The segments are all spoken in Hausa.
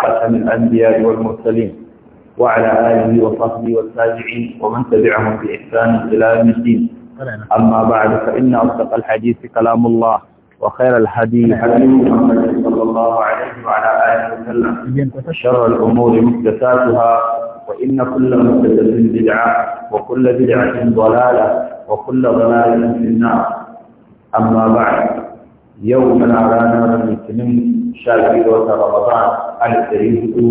خاتم الأنبياء والمرسلين وعلى آله وصحبه والتابعين ومن تبعهم بإحسان إلى يوم الدين أما بعد فإن أصدق الحديث كلام الله وخير الحديث حديث محمد صلى الله عليه وعلى آله وسلم شر الأمور محدثاتها وإن كل محدث بدعة وكل بدعة ضلالة وكل ضلالة في النار أما بعد يومنا على من المسلمين شهر رمضان alif ɗari hudu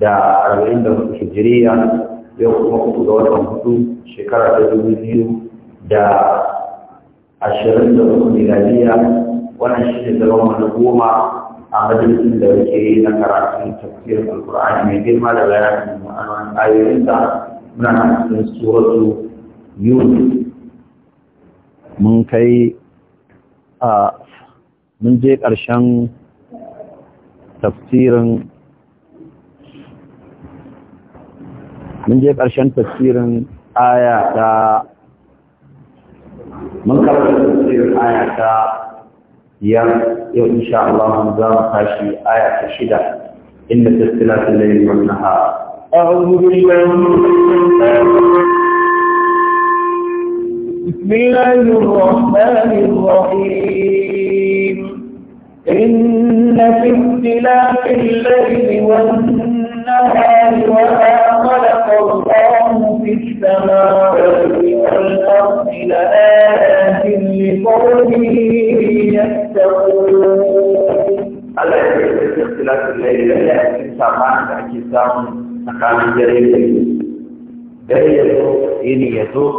da arba'in da hudu hijiriya yau kuma uku ga watan hudu shekara ta dubu biyu da ashirin da hudu miladiya wannan shi ne zama mana goma a majalisun da muke yi na karatun tafsirin alkur'ani mai girma da bayanin ma'anonin ayoyinsa muna nan cikin suratu yunus mun kai a mun je ƙarshen tafsirin mun je ƙarshen tafsirin aya ta mun karɓar tafsirin aya ta biyar yau insha Allah mun za mu tashi aya ta shida inda ta layli wan nahar أعوذ بالله بسم الله الرحمن الرحيم إن في اختلاف الليل والنهار وما خلق الله في السماوات والأرض لآيات لقومه يتقون اختلاف الليل لكن سامعك كتاب مكان جليل دليل ان يتوب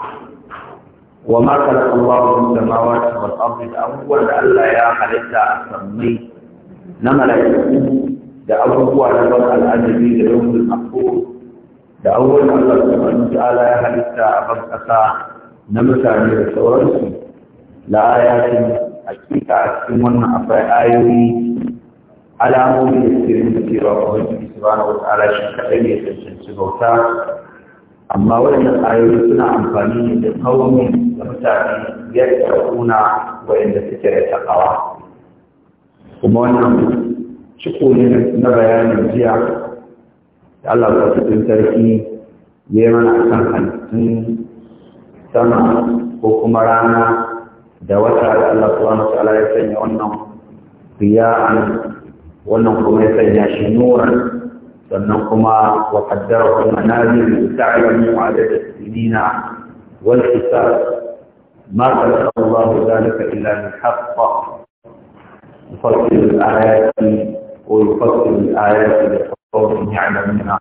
وما خلق الله من wal ardi da abubuwan da Allah ya halitta a sammai na mala'iku da abubuwa na ban al'ajabi da yawmul mahfuz da abubuwan da Allah subhanahu wa ta'ala ya halitta a ban ƙasa na mutane da sauransu la ayatin hakika a cikin wannan akwai ayoyi alamomi da suke da cewa ubangiji subhanahu wa ta'ala shi kadai ne cancanci bauta amma waɗannan ayoyi suna amfani da kaunin da mutane ya tauna waɗanda suke da takawa kuma wannan ciko na bayanin jiya da Allah ba su sarki ya yi mana a kan halittun sama ko kuma rana da wata da Allah subhanahu ala ya sanya wannan riya'an wannan kuma ya sanya shi nuran sannan kuma wa na biyu da ta yi wani wada da sini na wani isa ma ƙarfi Allah ku zalika haɓɓa mafafi da ko mafafi da ayati da faɗin ya da nuna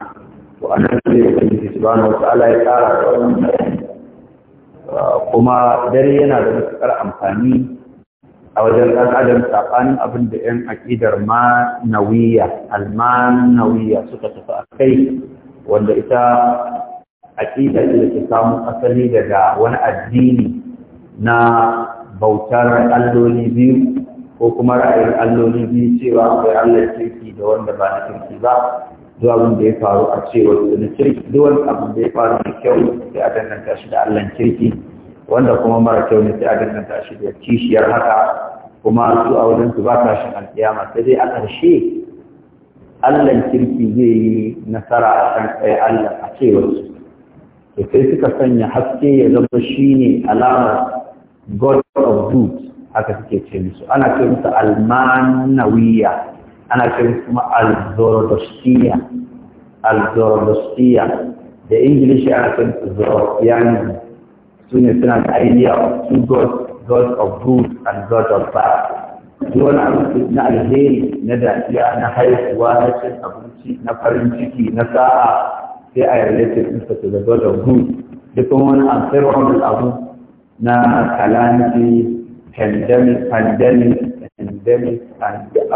wa a nan ne ya su ba na wasu ala ya ƙara da wani kuma dare yana da matukar amfani a wajen ɗan adam saɓanin abin da 'yan aƙidar manawiya almanawiya suka tafi a kai wanda ita aƙida ce da ke samun asali daga wani addini na bautar alloli biyu ko kuma ra'ayin alloli biyu cewa akwai allah kirki da wanda ba na kirki ba duk abin da ya faru a cewa, da kirki duk wani abin da ya faru da kyau sai a danganta shi da allah kirki wanda kuma mara kyau ne sai a danganta shi da kishiyar haka kuma su a wajen su ba ka a kiyama sai dai a ƙarshe allan kirki zai yi nasara a kan tsaye allah a cewar su to sai suka sanya haske ya zama shi ne alamar god of good haka suke ce musu ana ce musu almanawiya ana ce musu kuma alzorodostiya da ingilishi ana ce musu su ne suna da idea of two gods god of good and god of bad duk wani abu na alheri na dafiya na haihuwa na cin abinci na farin ciki na sa'a sai a yarda ce ɗinsa to da god of good duk kuma wani unfavorable abu na calamity pandemic pandemic pandemic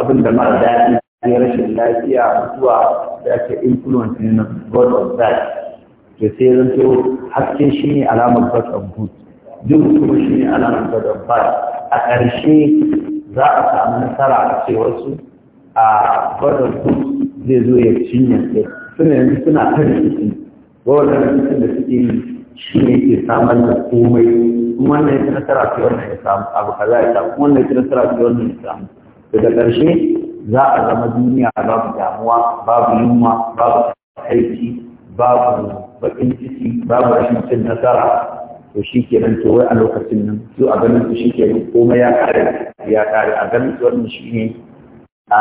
abin da mara daɗi rashin lafiya mutuwa da ake influence na god of bad. to sai zanto hasken shi ne alamar bad of duk kuma shi ne alamar da of a ƙarshe za a samu nasara a cewarsu a bad of zai zo ya cinye sai suna yanzu suna ta rikici wannan rikicin da suke yi shi ne ke samar da komai wannan ya nasara ce wannan ya samu abu kaza ya samu wannan ya nasara ce wannan ya samu daga ƙarshe za a zama duniya babu damuwa babu yunwa babu haiti babu bakin ciki babu rashin cin nasara to shi ke nan to wai a lokacin nan to a ganin su shi ke komai ya kare ya kare a ganin su wannan shi ne a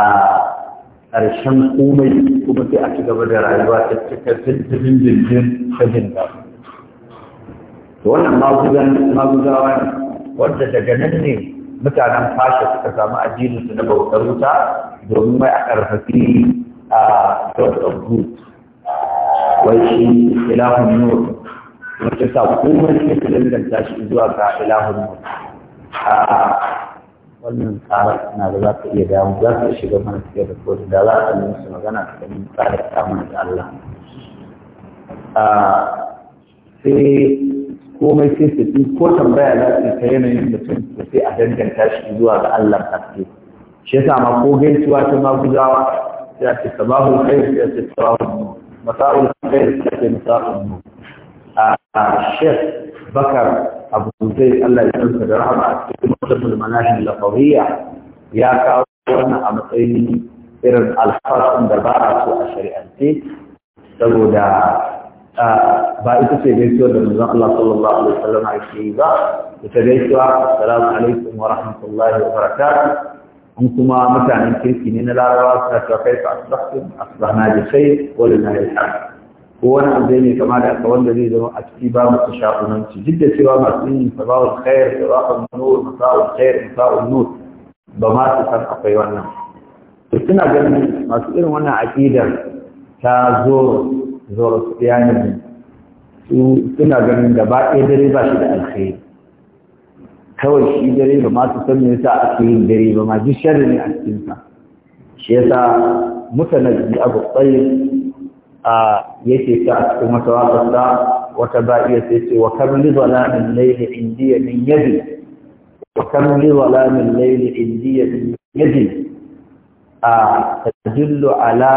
ƙarshen komai kuma sai a ci gaba da rayuwa ta cikakken dindin jirgin ta da to wannan maguzawa ne wanda daga nan ne mutanen fasha suka samu su na bautar wuta domin mai a ƙarfafi a God of wai shi ilahun nur wata sa shi ke danganta shi zuwa ga ilahun nur a wannan tsarar suna da za ka iya damu za ka shiga mana cikin da kotu da za a yi su magana ta ganin tsarar samun da Allah sai komai sai su fi ko tambaya za su ta yanayin mutum da sai a danganta shi zuwa ga Allah kafin shi yasa ma ko gaisuwa ta maguzawa sai a ce sabahul kai sai a ce sabahul nur مساء الخير مساء النور آه، آه، الشيخ بكر ابو زيد الله يجزاك برحمة في مكتب المناهج اللفظيه يا كارونا ابو زيد ارد عند دبابه آه، في الشريعه دي سبودا بعد تسجيل سورة الله صلى الله عليه وسلم على الشيء ذا السلام عليكم ورحمة الله وبركاته An kuma mutanen kirki ne na Larawa suna cewa kai fa asbahtum da sai wani na lana alhamd ko wani abu ne kama da aka wanda zai zama a ciki ba mu shafunanci duk da cewa masu yin sabawul khair sabawul nur masawar kayar masawar nur ba ma su san akwai wannan to suna ganin masu irin wannan aƙidar ta zo zo su suna ganin gaba ɗaya dare ba shi da alkhairi kawai shi dare ba masu san me yasa ake yin dare ba ma duk sharri ne a cikin sa shi yasa mutanazzi abu tsayi a yake ta a cikin wata waƙarsa wata ba'iya sai ce wa kam li zalamin layli indiya min yadi wa kam li zalamin layli indiya min yadi a tadillu ala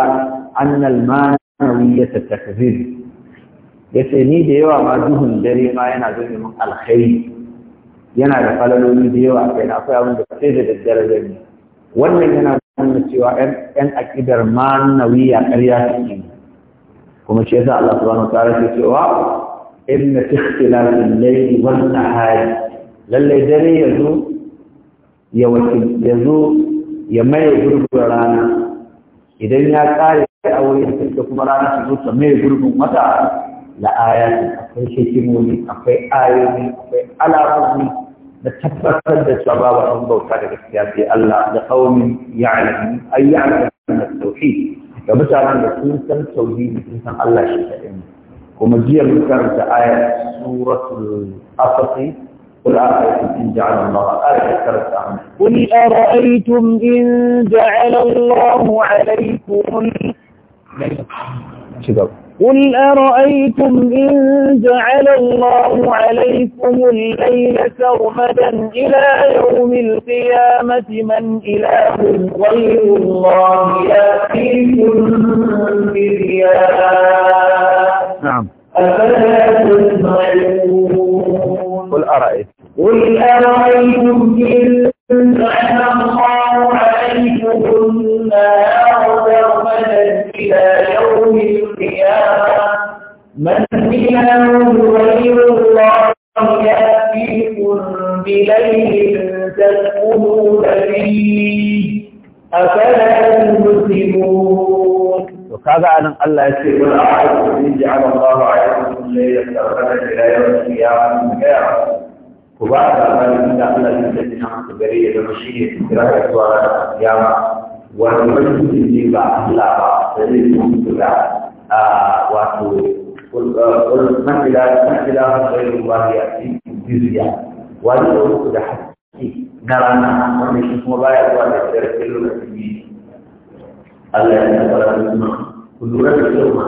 anna al-manawiyata takzib yace ni da yawa ma duhun dare ma yana zo min alkhairi yana da falaloli da yawa kai akwai abin da sai da daddare zai yi wannan yana nuna cewa ɗan akidar manawiya ƙarya suke kuma shi yasa Allah subhanahu wa ta'ala ke cewa inna ikhtilafil layli wan nahari lalle dare yazo ya wakil yazo ya mai gurbin rana idan ya kare a wurin da kuma rana su zuwa mai gurbin wata la ayati akwai shekimoni akwai ayoyi akwai alamomi تتبتل بسرى وتنظر تلك اختياتي الله لقوم يعلم أي يعلم أن التوحيد فبسا لن توحيد إنسان الله شكاين ومجيئ المكان تآية سورة الأسطى قل آخر إن جعل الله آية كرسة قل أرأيتم إن جعل الله عليكم قل أرأيتم إن جعل الله عليكم الليل سرمدا إلى يوم القيامة من إله غير الله يأتيكم برياء نعم أفلا تسمعون قل أرأيتم قل أرأيتم إن جعل الله عليكم النار سرمدا إلى يوم القيامة من إله غير الله يأتيكم بليل تسكنون فيه أفلا المسلمون وكذا أن الله يسير العالم جعل الله عليكم الليل أخرج إلى يوم القيامة وبعد أن الله الذين عملوا بريء المشي في القيامة والمجد اللي بعد الله بعد سليم الله wato manzila ghairu wahiya jizya wani da uku da haske na rana wanda shi kuma baya zuwa da tsirrai lokacin ne Allah ya tabbata da ku lura da kyau ma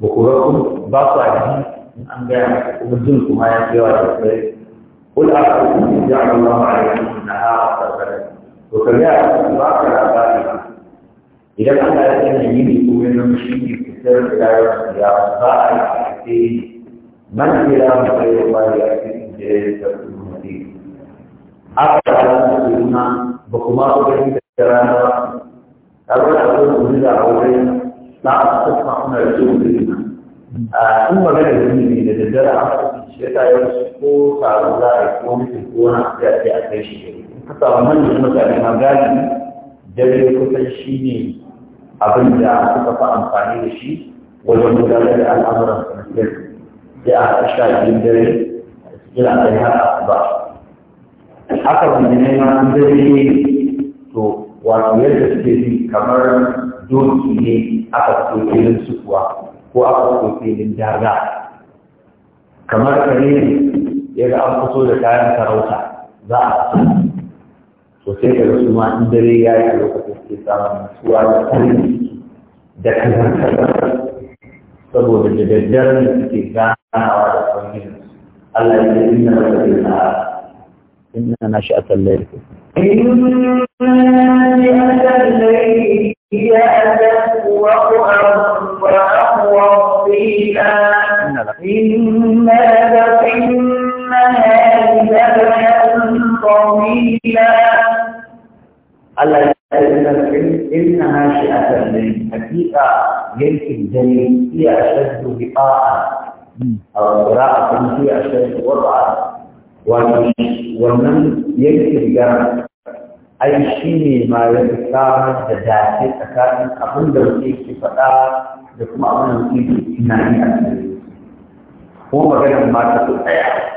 ba ku ba ku aji an gaya kuma jin kuma ya fi yawa da tsirrai قل أعلم جعل الله عليكم ba. سرمدا وكذلك ما كان ذلك إذا كان ذلك يجب أن يكون من المشركين sirrin da ya rasu ya ba a yi a ke man gida mafi yi ba ya fi je da kuma mafi. Aka da ya yi ba kuma su gani da ya rana ba. Tarwar da su zuri da aure na a su kuma kuma da su zuri na. A sun magana da zuri da da dara a kasance shi ya ta yi ko taron za a yi ko mutum ko wani a tsaye a kai shi. Kasa wa shi abin da suka fi amfani da shi wajen gudanar da al'amuran sanadiyar da a sha biyun dare cikin da ya ba haka wanda neman dare to wato yadda suke bi kamar doki ne aka fito filin sukuwa ko aka fito filin daga kamar kare ne ya ga an fito da kayan sarauta za a وكيف العلماء عندري يا علاقة الإسلام هو على قلبي دخل فهو على قلبي الله إن نشأة الليل إن نشأة الليل هي أدب وأقرب وأقوى قيلا إن نشأة الليل هي أدب Allah ya ce inna hashi'atan lil haqiqa yankin dani iya ashaddu bi'a a hmm. a qira'atun fi ashaddu wada'a wato wannan yankin gara ai shi ne ma ya samar da dace tsakanin abin da mutum ke faɗa da kuma abin da mutum ke tunani a cikin ko maganar ma ta tsaya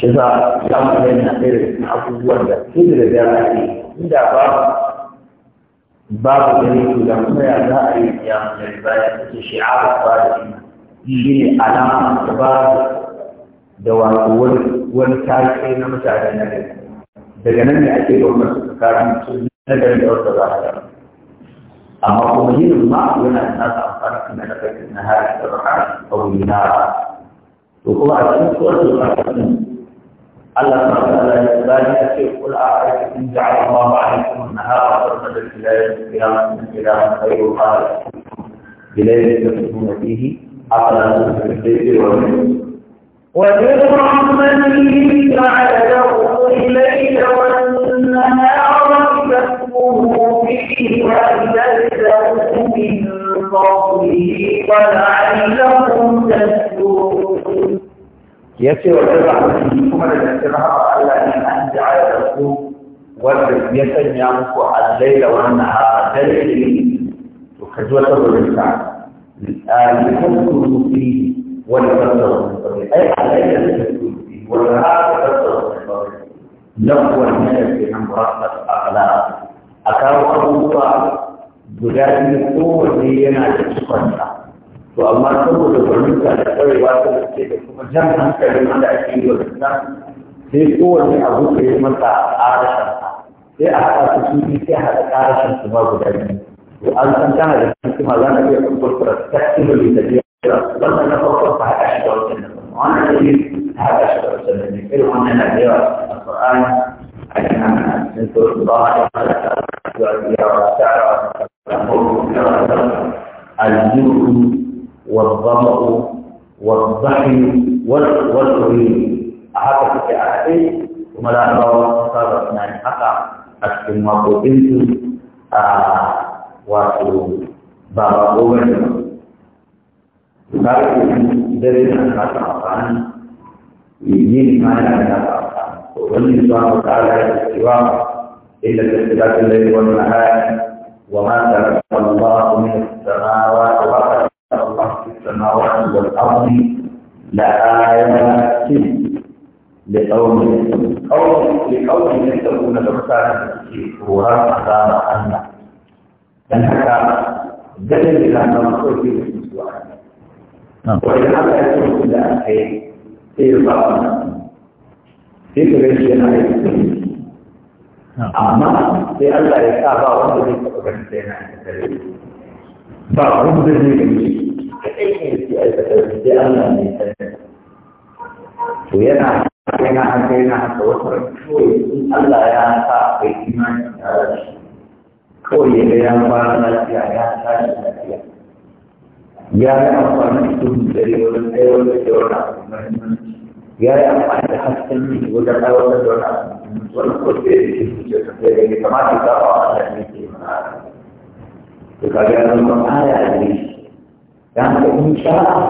shi za za mu ga yana ɗaya da cikin abubuwan da su da da za a yi inda babu babu gani to da kuma ya za a yi ya mu da bayan take shi'arar ba da shi ne alama da babu da wato wani tarihi na mutane na gari daga nan ne ake gwamnar su tsakanin su na gari da wata zahara amma kuma yin ma yana da nasa amfani kuma na kai na hari da rahara a wuri na to kuma a cikin suwar da rahara الله سبحانه وتعالى ذلك في قل أعرف إن جعل الله عليكم النهار والليل إلى القيامة من إله خير خالق بليل تكتبون فيه أفلا تفكرون والليل وبرحمته جعل لكم الليل والنهار لتسكنوا فيه وإذا من فضله ولعلكم تسكنون يسير الرحمة كما ذكرها ألا أن أنت على الرسول واليسن الليل والنهار دليل وكجوة الرسالة الآن يفكر فيه ولتفكر أي عليك تفكر فيه والنهار تفكر لو الناس في مرتب أخلاق أكاو أبوك بجانب قوة دينا تفكر to amma saboda gwaninta da kwarewa ta da ke da kuma jan hankalin wanda ake yi wa nan sai kowane abu ka yi masa ƙarashin sai a haɗa su su sai a haɗa ƙarashin su ma guda biyu to an san tana da hikima za ta iya kwakwakwara tattalin da biya wannan na farko ta haɗa shi da wancan da wannan da biyu ta haɗa shi da wancan da biyu irin wannan na da yawa a Qur'ani a cikin hannun cikin sauran ba a da ta ta ta ta ta ta ta ta ta ta ta ta ta ta والظمأ والضحي والعين أحد في عهدي ثم لا أرى وصار أثنان حقا أشكم وقلت واتو بابا قوين Kali ini dari kata apa? Ini mana kata apa? Kebun Islam Taala Islam ila kesedaran dari wanahan wa mata Allah min sanawat wa السماوات والأرض لآيات لقوم قوم لقوم يتقون الرسالة هو عذاب أن dan haka dalil da na makoki da su wa wani haka ya ce mutum da aka yi sai ya bawa na sai ka gani yana yi amma sai Allah ya sa ba wanda zai taɓa ba kaɗai yake sai Allah ne sani to yana yana haka yana haka kawai in Allah ya sa akwai imani a rashi kawai ya ga ya fara lafiya ya tashi lafiya ya yi amfani da duhun dare wajen aiwatar da wani abu mahimmanci ya yi amfani da hasken yi wajen aiwatar da wani abu mahimmanci wani kawai sai ke zuciya ta sai da ya kamata ya wa Allah ne ke mana to kaga ya zama aya ne da haka in sha'a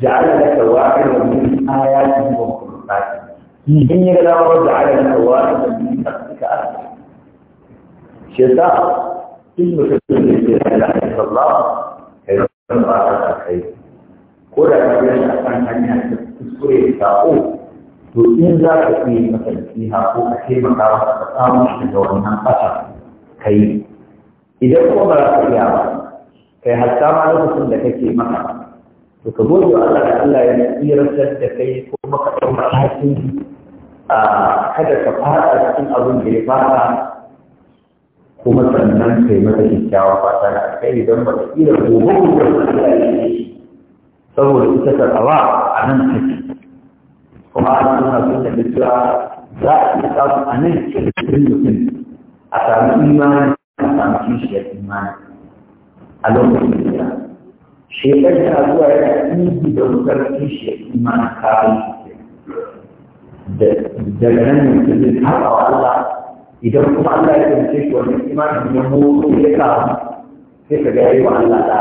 ja'ala laka wa'idan min ayatihi wa qur'ani in ya ga wa ja'ala laka wa'idan min ka asli shi yasa in mutum ne ke da Allah kai alaihi ba ta kai ko da ka ga a kan hanya ta kuskure ta ko to in za ka yi masa nasiha ko ka taimaka ka samu shi wannan fata kai idan kuma ba ka iya ba kai hatta ma lokacin da kake maka to ka gode wa Allah da Allah ya tsirantar da kai ko maka daura hakin a kada ka fara cikin abin da ya fara kuma sannan kai masa kyakkyawa fata na kai idan ba ka iya gobe ko Allah ya yi saboda ita ta tsawa a nan take kuma an suna sun da cewa za a iya samu a nan cikin mutum a sami imani a sami kishiyar imani a lokacin da shekar ta zuwa yana ɗigi da wutar kishi iman kawai daga nan ne zai taɓa wa Allah idan kuma Allah ya kance shi iman da ya mutu ya kawo sai ka gaya wa Allah da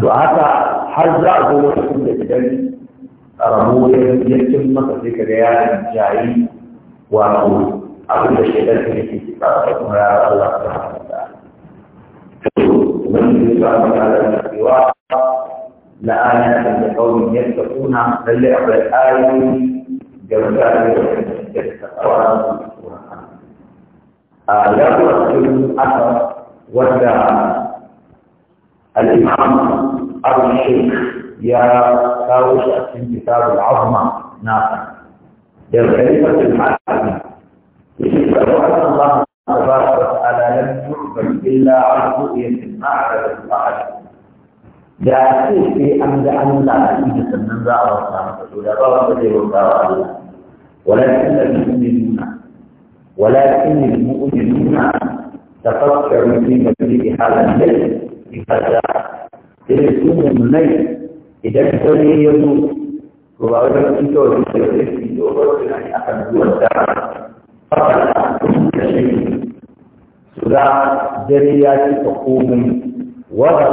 to haka har za a zo lokacin da idan rabu ya yankin masa sai ka gaya da jayi wato abin da shekar ke ke kuma ya Allah ta ubangiji zuwa magana da cewa na ana da kauri yadda kuna lalle a bai da mutane da suke da kawara a ya kuma cikin aka wanda al-imam al-shaykh ya kawo shi a cikin kitabul azma na da kalimatul ma'ani shi da wannan zaman تبارك وتعالى لم تقبل إلا عن رؤية المعرفة الأحد da ce sai an ga Allah a ido sannan za a wasa masa to da ba wanda zai bauta wa Allah walakin al mu'minuna walakin al mu'minuna tafakkaru fi mabdi halan lil ifada idan su mu'minai idan dare ya zo to ba wani fito da su da su yi dogon tunani akan zuwa da ba ta da shi guda dare ya cika komai wa ba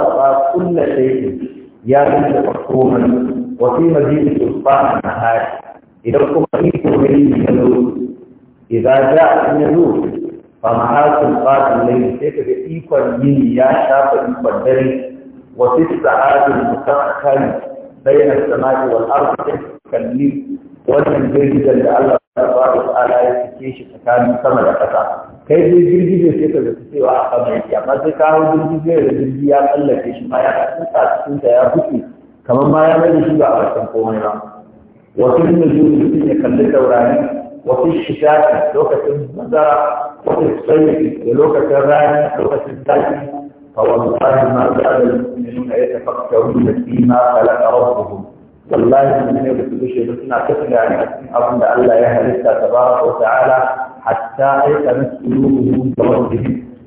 kullu shay'in ya cika komai wa fi mazidi na hari idan kuma iko komai ne ya zo idan a in ya zo fa mahasul fatan lai sai ga ikon yin ya shafa ikon dare wa fi da mutakkali bayna as-sama'i wal ardi kalli wannan girgizar da Allah Allah ta'ala ya cike shi tsakanin sama da ƙasa kai dai jirgi zai sai ka zata cewa a sama yake amma sai kawo jirgi zai da jirgi ya tsallake shi ma ya tsinta cikin ta ya fice kamar ma ya mai shi ba a bakin komai ba wasu ne jirgi sun ya kalli taurari wasu shiga lokacin mazara wasu tsayi da lokacin rani lokacin tashi فوالله ما زال المؤمنون يتفكرون فيما خلق ربهم والله mun ne ba su gushe ba suna ta tunani a cikin abin da Allah ya halitta tabaraka wa ta'ala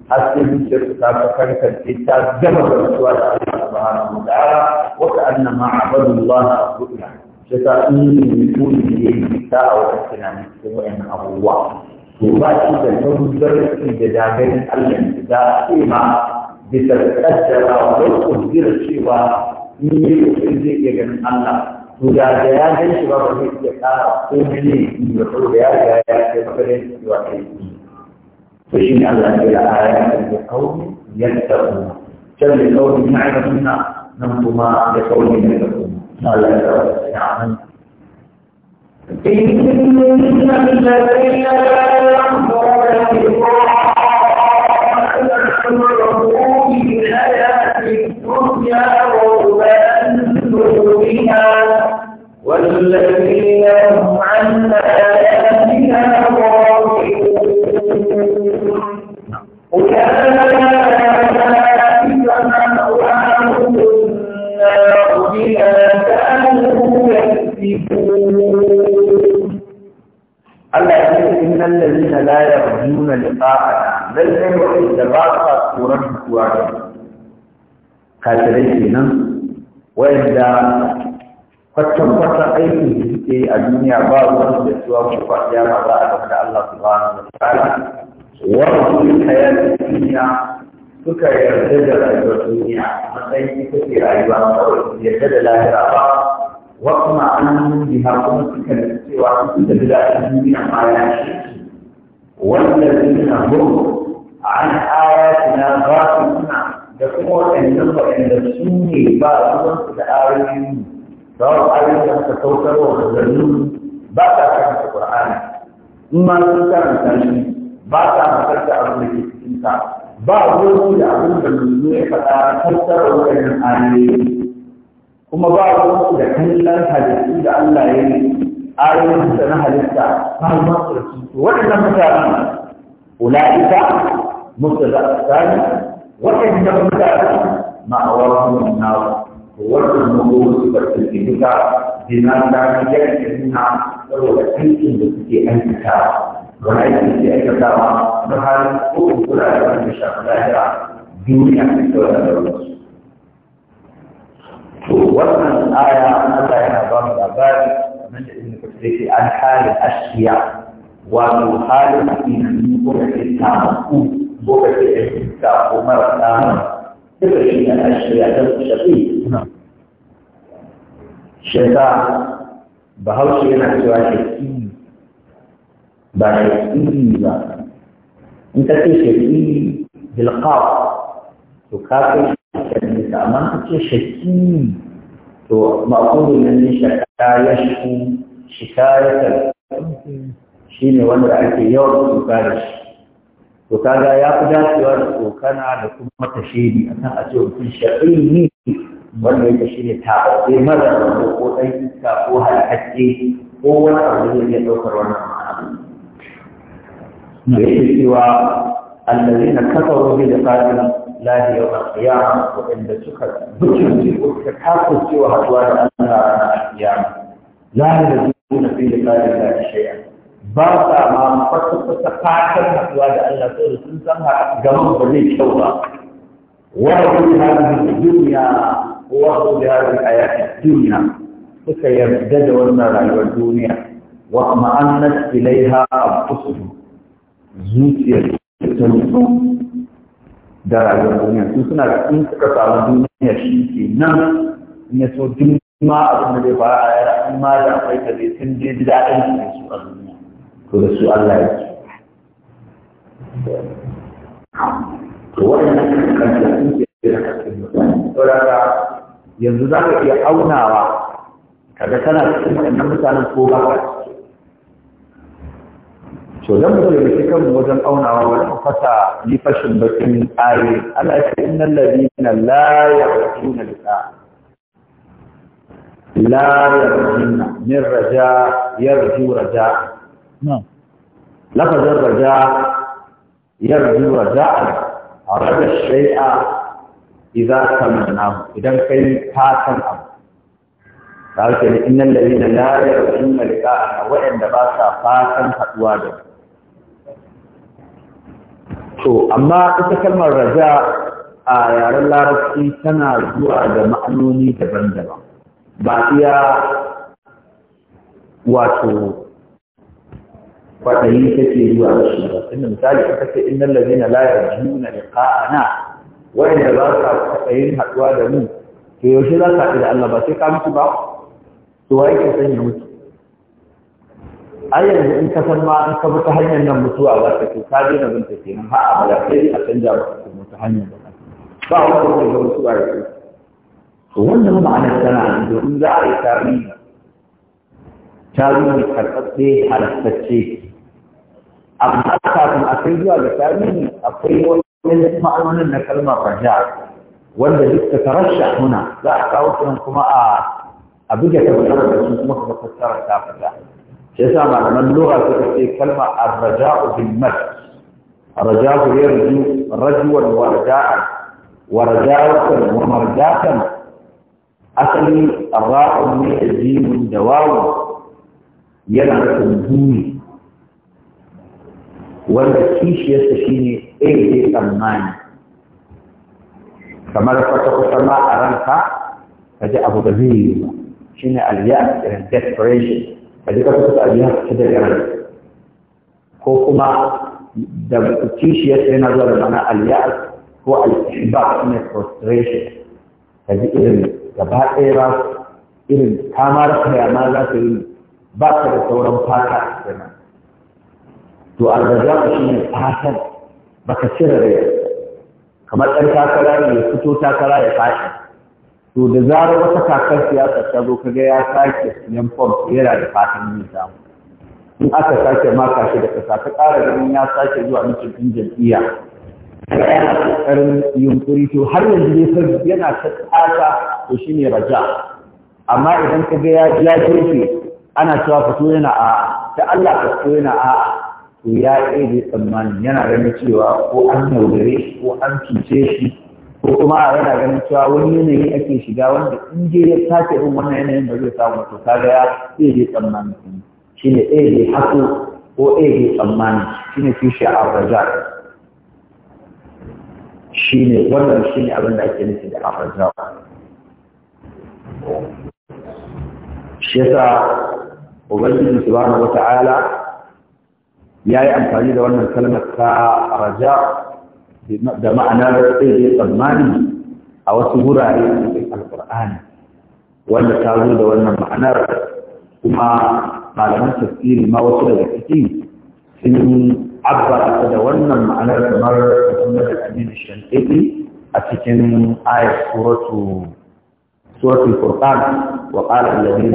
حتى يصير كتاب فكرك الكتاب جمع الرسول سبحانه وتعالى وكأن ما عبد الله أبونا من يكون ليه كتاب أو كتاب سواء الله وبعد إذا كنت درس في جدابين الانتداء فيما بتتأثر أو لو قدر سوى ni ne mutum zai iya ganin Allah to da da ya gan shi ba zai iya kara ko ne ya ko da ya ga ya ce ba da shi wa kai to shi ne Allah ya ga ayatan da kauni yattabu jalla kauni ma'rifatuna nan kuma da kauni da kauni Allah ya ga إن الذين لا يحضر الله أكبر بها والذين هم عن آياتنا غافلون أولئك مأواهم النار بما كانوا يكسبون Allah ya ce in nan da zina la ya rujuna liqa'ana lallai wanda ba sa tsoron kuwa kafirai kenan wanda kwatan-kwatan aikin da suke yi a duniya ba wani da suwa ko kwanciya ba za a da Allah su ba na tsara wani kuma kayan duniya suka yarda da rayuwar duniya matsayin suka ce rayuwa kawai su yarda da lahira ba wasu ma an yi ha kuma suka da cewa su da daɗin duniya ma ya shi wanda duniya a an na ba su suna da kuma waɗannan waɗanda su ne ba su da ayoyin فهو عليك حتى توتر وغزلون باتا كانت القرآن ما كنت نتنشي باتا مكتا أرضيك إنسا بعضهم يعلم بالنوع فتا توتر وغزلون آمين كما بعضهم يكن لن هدف إلا أن لا يلي آمين سنة هدفتا فهو ما ترسلت وإذا مكانا أولئك مستدى الثاني وإذا مكانا ما أورهم النار ورد bisa dengan cara yang kita perlu aikin bukti yang kita beraikin bukti yang kita berharap untuk berada di syariah dunia itu adalah wannan aya Allah yana ba mu labari kamar da Ibn Kathir ke an halin ashiya wato halin addinannu ko da ke samu ko da ke aiki ko mara samu duka shi ne ashiya don shafi shekara bahaushe yana cewa shekiri ba shekiri ba in ka ce shekiri bilkaw to ka kai shekiri ta amma ka ce shekiri to ma'akulu nan ne shekara ya shi shikayatar shi ne wanda ake yawan tuka da shi to kaga ya fi dacewa da tsokana da kuma tashiri a kan a ce mutum shaƙi ne wannan yake shi ne taɓarɓe mara zango ko ɗan iska ko halakakke ko wani abu da zai ɗaukar wannan ma'ana. Da yake cewa الذين كفروا بلقاء الله يوم القيامة وعند سكر بكر وكتاب سوى أطوار أنها القيامة لا يجدون في لقاء الله شيئا باطا ما فقط تفاعل أطوار أن سورة سنسمها جمع بذي شوضا ورد هذه الدنيا wasu jari a yaƙi duniya suka yarda da wannan rayuwar duniya wa ma'annas ilaiha a kusuru zuciyar da su da rayuwar duniya su suna in suka samu duniya shi ke nan in ya so duniya abin da zai fara a yara in ma da akwai da zai je da daɗin su ne su a duniya to da su Allah ya ce. To wannan kan da suke yanzu za ka iya aunawa kaga kana cikin waɗannan mutanen ko ba ka to dan mu da kan wajen aunawa wani fata ni fashin bakin ayi ala ya ce innal ladina la yaquluna lika la yarjuna min raja yarju raja na'am lafazin raja yarju raja arada shay'a idza tamanna idan kai ka san abu da haka ne innal ladina la yarjuna liqa'a wa'anda ba sa fatan haduwa da to amma ita kalmar raja a yaren larabci tana zuwa da ma'anoni daban-daban ba iya wato kwaɗayi take zuwa da shi ba inda misali ita ce innal ladina la yarjuna liqa'ana wanda za ka taɓa yin haɗuwa da mu to yaushe za ka haɗu da Allah ba sai ka mutu ba to wa yake son ya mutu a yanzu in ka san ma an ka bi ta hanyar nan mutuwa ba ta ce ka daina bin ta kenan har abada sai a canja ba ta kuma ta hanyar ba ba wanda zai ga mutuwa ya ce to wannan ma'anar tana nan domin za a yi tarihi tarihi karɓaɓɓe halattacce amma kafin a kai zuwa ga tarihi akwai wani wani ma'anonin na kalmar raja wanda duk da tarasha muna za a kawo su kuma a a buga ta fasara da su kuma kuma fasara ta fita shi yasa malaman lura suka ce kalma ar-raja'u bil mad ar-raja'u yarju rajwan wa raja'an wa raja'atan wa marja'atan asali da wawu yana da tunduri wanda kishiyarsa shine ɗaya tsammani kamar kwata kusa ma a ranka ka ji abu da zai yi ba shi ne aliya da desperation ka ji kwata kusa aliya su da yaran ko kuma da kishiyarsa yana zuwa da mana aliya ko al su ne frustration ka ji irin gaba ɗaya ba irin kamar kaya ma za su yi ba ka da sauran fata kenan to arzazaku shi ne fatan baka cire rai kamar ɗan takara ne ya fito takara ya fashi to da zarar wata kakar siyasa ta zo kaga ya sake siyan fom yana da fatan yin samu in aka sake maka shi da kasa ta ƙara ganin ya sake zuwa mutum ɗin jam'iyya yana ƙarin yunƙuri to har yanzu dai yana ta tsaka to shi ne raja amma idan ka ga ya jirfe ana cewa fito yana a ta Allah ka fito yana a'a. to ya ɗaya tsammanin yana ganin cewa ko an yaudare shi ko an cuce shi ko kuma a yana ganin cewa wani yanayi ake shiga wanda in je ya sake irin wannan yanayin da zai samu to kaga ya ɗaya zai tsammani shi ne ɗaya zai haƙo ko ɗaya zai tsammani shi ne fi sha'ar raja shi ne wannan shi ne abin da ake nufi da arraja shi yasa ubangiji subhanahu wata'ala ya yi amfani da wannan kalmar ta raja da ma'anar ɗaya tsammani a wasu wurare a cikin alƙur'ani wanda ta zo da wannan ma'anar kuma malaman tafsiri ma wasu daga ciki sun abba da wannan ma'anar kamar Muhammad Aminu Shantiki a cikin ayat suratu suratu Furqan wa qala alladhina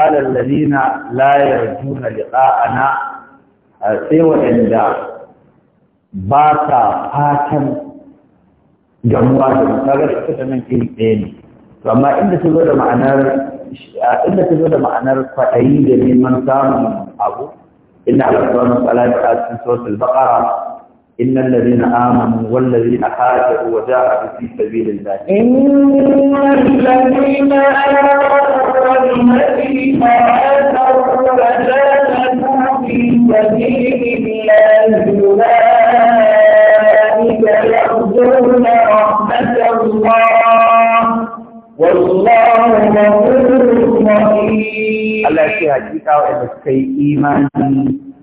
وقال الذين لا يرجون لقاءنا sai waɗanda ba sa fatan gamuwa da mutarar da suka nan iri ɗaya ne amma inda ta zo da ma'anar inda ta zo da ma'anar kwaɗayi da neman samun abu inda Allah subhanahu wa ta'ala ya suratul baqara إن الذين آمنوا والذين هاجروا وجاهدوا في سبيل الله إن الذين آمنوا والذين هاجروا وجاهدوا في سبيل الله أولئك يرجون رحمة الله والله غفور رحيم الله يشهد بك وإنك إيماني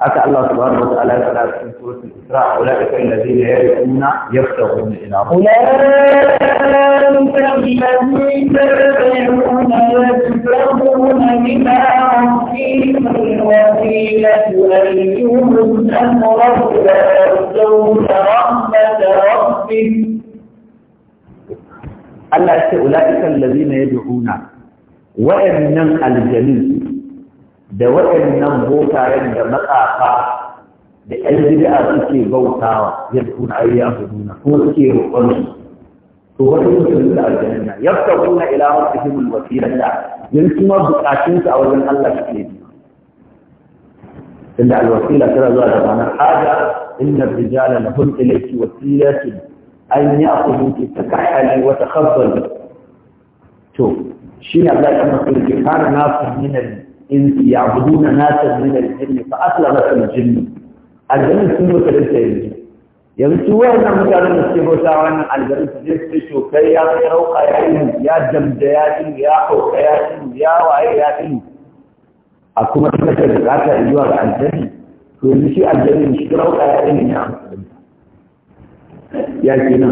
حتى الله سبحانه وتعالى فلا في سورة الإسراء أولئك الذين يدعون يبتغون إلى ربهم أولئك الذين يدعون يبتغون إلى ربهم الوسيلة أيهم أقرب ويرجون رحمة ربهم الله أولئك الذين يدعون وإن من الجليل da waɗannan bokayen da matsafa da ƴan bid'a suke bautawa yadkun ayya huduna kuma suke roƙon su to wata musulmi da aljanna yaftabuna ila rabbihim alwasilata yanzu kuma bukatun su a wajen Allah ke bi tunda alwasila tana zuwa da ma'anar haja inna rijala lahum ilayki wasilatun an yi a ya'khudhuki takahali wata takhaddalu to shi ne Allah ya masu rikifar na min in na nasa min al-jinn fa aslama fil jinn aljinn sun ba kada sai yanzu yanzu wannan mutane da suke bauta wannan aljinn su je su ce ya kai rauka ya yi ya damda ya yi ya hauka ya yi ya waye ya yi a kuma da zaka yi yiwa ga Aljani, to yanzu shi aljinn shi rauka ya yi ne ya ya kina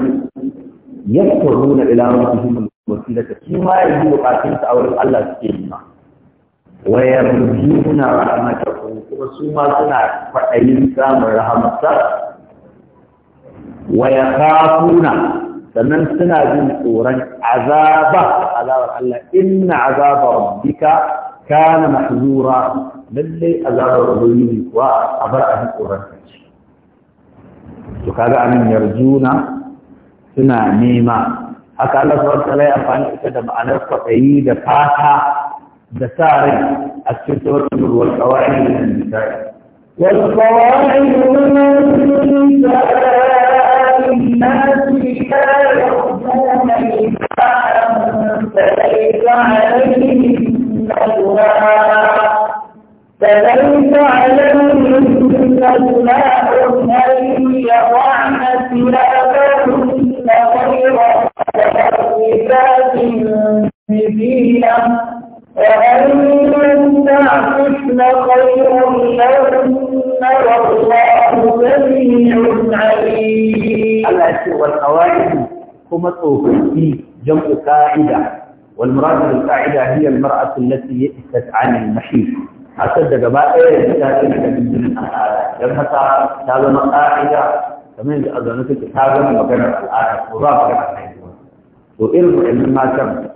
yakfuruna ila rabbihim al-wasilata kima yajibu qatilta aw Allah suke yi ma ويرجون رحمته suna kwaɗayin فأين سام رحمته ويخافون sannan suna jin tsoron azaba azabar Allah inna azaba rabbika kana mahzura lallai azabar ubangiji kuwa a bar a tsoron kaci to kaga anan yarjuna suna nema haka Allah subhanahu wa ta'ala ya amfani ita da ma'anar kwaɗayi da fata دساري الستر والقواعد من النساء والقواعد من النساء الناس لا يرجون إيمانا فليس عليهم جناح فليس عليهم جناح أن يضعن ثيابهن غير متلبسات بزينة وأن تعففن خير لهن والله سميع عليم الله يسوى القواعد هم توفي جمع قاعدة والمراد القاعدة هي المرأة التي يئست عن المحيط أصدق بقى إيه تاتيك من دون الآلة لما تعلم قاعدة كمان أظنك تعلم مكان الآلة وضع مكان الآلة وإرفع الماكم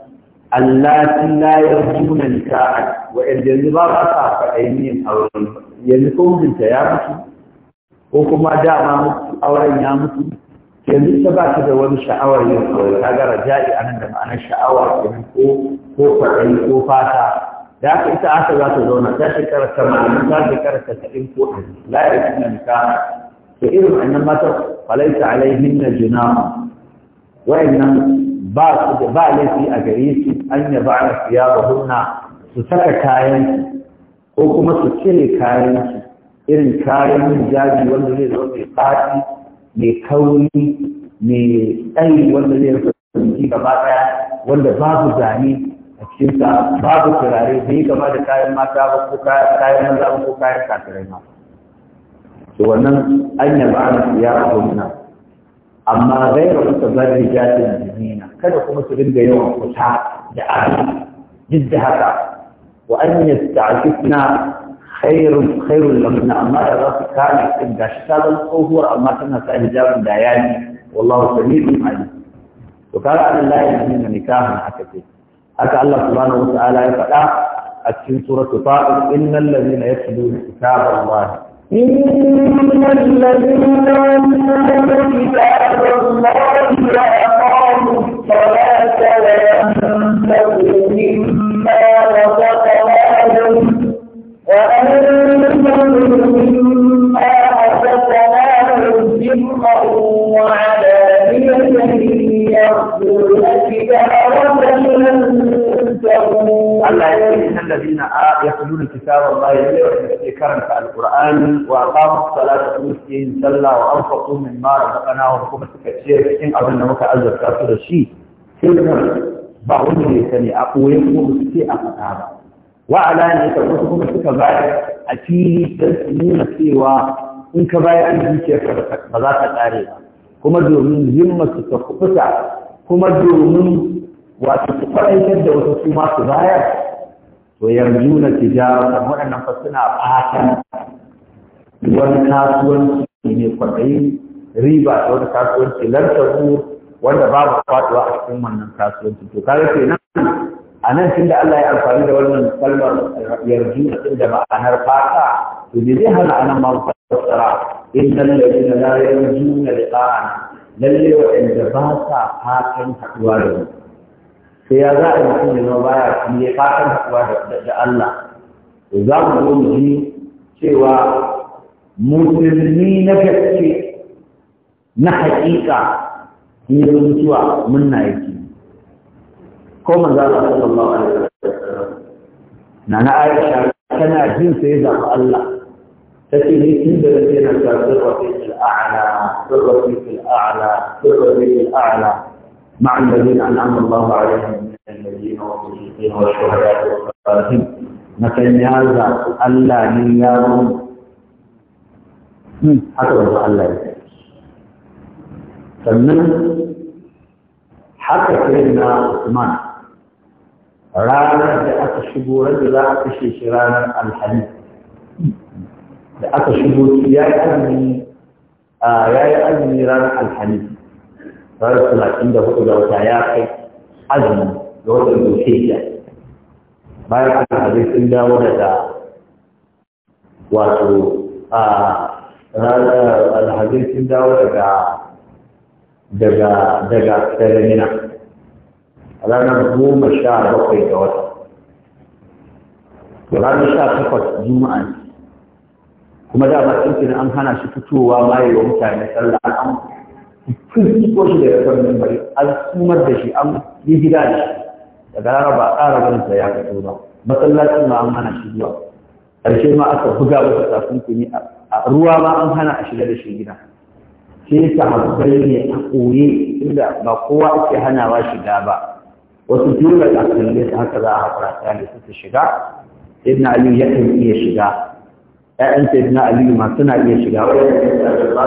allatin la yarjuna nika'a wa yanzu ba ba sa faɗayin yin auren yanzu ko mijinta ya mutu ko kuma dama auren ya mutu yanzu ta ba ta da wani sha'awar yin aure ta gara ja'i a nan da ma'anar sha'awa kenan ko ko faɗayi ko fata da haka ita aka za ta zauna ta shekara tamanin ta shekara tasa'in ko la yarjuna nika'a to irin wannan matan falaita alaihin na juna wa'annan ba su da ba laifi a gare su an yi ba a siya ba hunna su saka kayan ko kuma su cire kayan su irin kayan yin jaji wanda zai zo mai fati mai kauri mai tsayi wanda zai rufe jiki gaba daya wanda babu zane a cikin sa babu turare bai gama da kayan mata ba ko kayan maza ba ko kayan kafirai ma to wannan an ya ba a siya a hunna amma gaira kuka bar rijalin jinina kada kuma su dinga yawan kuta da abin duk da haka wa an yasta'ifna khairun khairun lamna amma da za su kame din gashi ta zama tsohuwar amma tana sa hijabin da yayi wallahu samiu alim to kaga an la yajin nikahan haka ce haka Allah subhanahu wa ta'ala ya faɗa a cikin suratul fa'il innal ladina yatluna kitaballahi إن الذين يؤمنون كتاب الله وأقاموا الصلاة وينفقوا مما رزقناهم وأنفقوا مما رزقناهم سرا وعلانية يرجون تجارة لن تقوم Allah ya ce innal ladina yatluna kitaballahi da suke karanta alqur'ani wa aqamu salata kuma suke yin sallah wa anfaqu mimma razaqnahum kuma suka ce cikin abin da muka azurta su da shi sirran ba wanda ya sani a koyon kuma suke a faɗa ba wa ne ka wasu kuma suka bayar a fili don su nuna cewa in ka bayar an zuciyarka ba za ka tsare ba kuma domin zimma su ta kufuta kuma domin wato su faraitar da wasu su masu bayar to yanzu na tijara waɗannan fa suna fatan wani kasuwanci ne kwaɗayi riba da wani kasuwanci lantarki wanda babu faɗuwa a cikin wannan kasuwanci to yi kenan a nan tun da Allah ya amfani da wannan kalmar yarju da ma'anar fata to ne zai hana anan ma fassara in dan da yin da yarju na liqa'ana lalle wa'anda ba sa fatan haɗuwa da mu sai ya za a yi mutum ya zama baya ne fatan haɗuwa da Allah da za mu zo mu ji cewa musulmi na gaske na haƙiƙa in yi mutuwa munna yake ko za a sallallahu ba wa na na Aisha tana jin sai ya zaɓi Allah ce ni tun da na ce na fil a'la tsarkar wa fil a'la tsarkar a'la مع الذين أنعم الله عليهم من المدينة والمشركين والشهداء والصالحين مثل هذا ألا نيابهم حتى لو ألا فمن حتى سيدنا عثمان رانا جاءت الشبورة لا تشي شرانا الحديث جاءت الشبورة يا أمي آه، يا أمي رانا الحديث ranar talatin da hudu da wata ya kai azumi ga watan zulhijja bayan kuma hadis sun dawo daga wato a ranar alhazin sun dawo daga daga daga tsarimina ranar goma sha bakwai ga wata ranar sha takwas juma'a kuma da ba an hana shi fitowa mayewa wa mutane sallah an fiskiko shi da yakan mimbari an sumar da shi an yi gida da shi daga rana ba a ƙara ganin da ya fito ba masallacin ma an hana shi zuwa ƙarshe ma aka buga masa takunkumi a ruwa ma an hana a shiga da shi gida sai sahabbai ne a koye inda ba kowa ake hanawa shiga ba wasu jura da kalle da haka za a haƙura ta ne su shiga sai na ya kan iya shiga ƴaƴan ibn ali ma suna iya shiga wajen da ba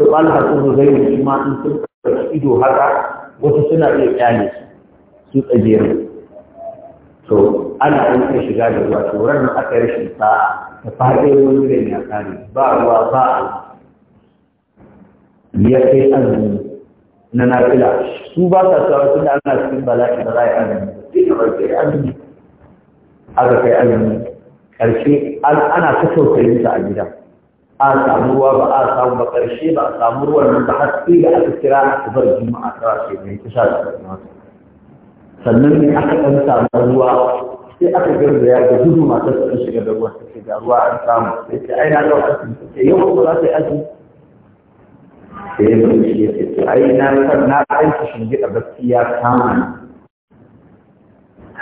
su ɓalha tsoro zai yi ma in sun ido haka wasu suna iya kyale su su tsajiyar to ana in kai shiga da ruwa to ran nan aka yi rashin sa'a ta fadai wani da ya kare ba ruwa ba a ya kai azumi na nafila su ba sa tsawon tun da ana cikin bala'i ba za a yi azumi sai da bai kai azumi aka kai azumi ƙarshe ana ta tausayin sa a gidan a samu ruwa ba a samu ba ƙarshe ba a samu ruwan nan ba har sai da aka kira aka bar juma'a ta rashe mai kusa da mata sannan ne aka ɗan samu ruwa sai aka garza ya ga gudu matar su shiga da ruwa sai ga ruwa an samu sai ce ai na ga asibiti sai yau ba za ta yi asibiti sai ya bari shi ya ce to ai na san na aiki shingiɗa gaskiya kama ni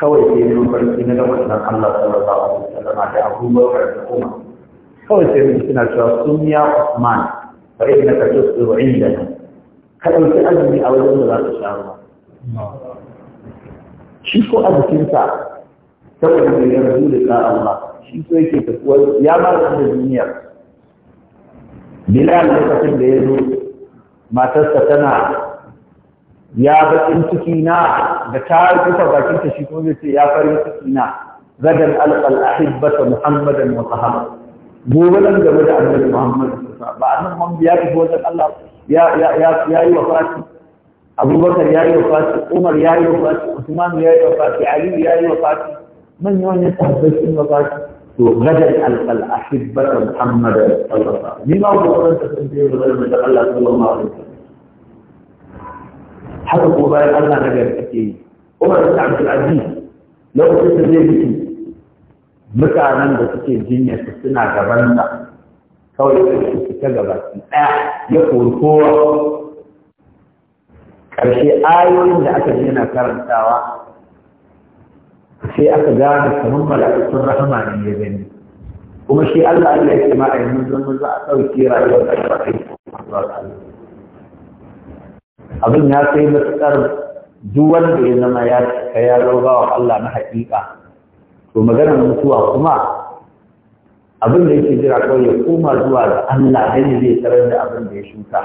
kawai sai ya mafarki na ga manzon Allah sallallahu alaihi wasallam da Abu Bakar da Umar kawai sai mun suna cewa sun ya Usman fa inna ka tusiru indana ka dauki azumi a wajen da za ka sha ruwa shi ko a sa saboda mai yarzu da sa Allah shi so yake tafiwar ya ma da duniya Bilal lokacin da ya zo matarsa tana ya bakin ciki na da ta rufa bakinta shi kuma zai ce ya farin ciki na gadan alqal ahibbata muhammadan wa sahaba gobe nan game da annabi Muhammad ba annabi Muhammad ya tafi wajen Allah ya ya ya yi wafati Abubakar ya yi wafati Umar ya yi wafati Usman ya yi wafati Ali ya yi wafati man yi wannan sahabbai sun wafati to gadar alqal ahibbat Muhammad sallallahu alaihi wasallam ni ma gobe ta san da wajen da Allah sallallahu alaihi wasallam haka ko bayan Allah na gari ake yi Umar bin Abdul Aziz lokacin da zai mutu mutanen da suke jinya su suna gaban sa kawai su fita gaba ɗaya ya kori kowa ƙarshe ayoyin da aka jina karantawa sai aka gane kamar mala'ikun rahama ne ya gani kuma shi Allah Allah ya ce ma a yanzu zama za a ɗauke rayuwar da ba a yi abin ya sai matuƙar duk wanda ya zama ya cika ya zauna wa Allah na haƙiƙa to maganar mutuwa kuma abin da yake jira kawai ya koma zuwa da Allah dan zai tarar da abin da ya shuka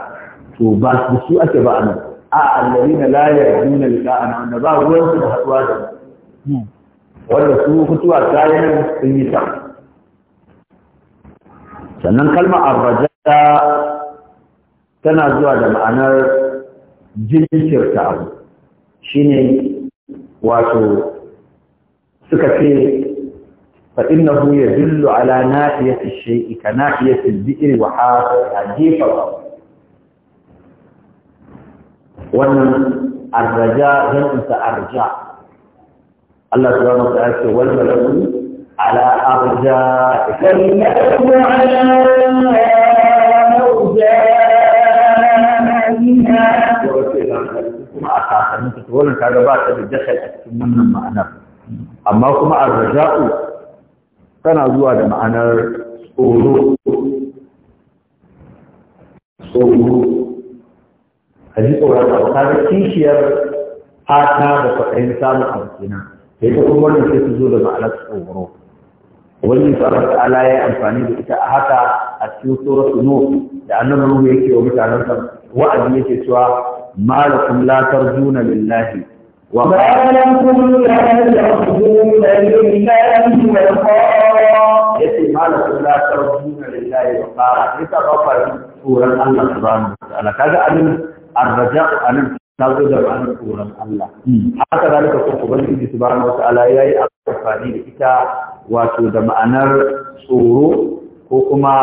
to ba su su ake ba anan a duna la a nan, wanda ba ruwan su da haduwa da wanda su mutuwa ta yi sun yi ta sannan kalmar arraja tana zuwa da ma'anar jinkirta abu shine wato سكتين فإنه يدل على ناحية الشيء كناحية البئر وحاق عجيب الأرض وأن الرجاء لن أنت أرجاء الله سبحانه وتعالى والملك على أرجاء فالملك على أرجاء منها ما أخاف أن تقول أنك أرجاء تدخل أكثر من ما amma kuma arraja'u tana zuwa da ma'anar tsoro tsoro a ji tsoron abu kishiyar fata da kwaɗayin samun abu kenan da ita kuma wannan sai su zo da ma'anar tsoro wani da ala ya yi amfani da ita a haka a cikin tsoron no da annan ruhu yake wa mutanen sa wa'azi yake cewa malakum latar juna lillahi وما لكم لا ترجون لله وقارا يتي ما لكم لا ترجون لله وقارا يتغفر سورة الله سبحانه وتعالى كذا أن الرجاء أن tazo da ranar tsoron Allah. Haka zalika ko Ubangiji subhanahu wata'ala ya yi amfani da ita wato da ma'anar tsoro ko kuma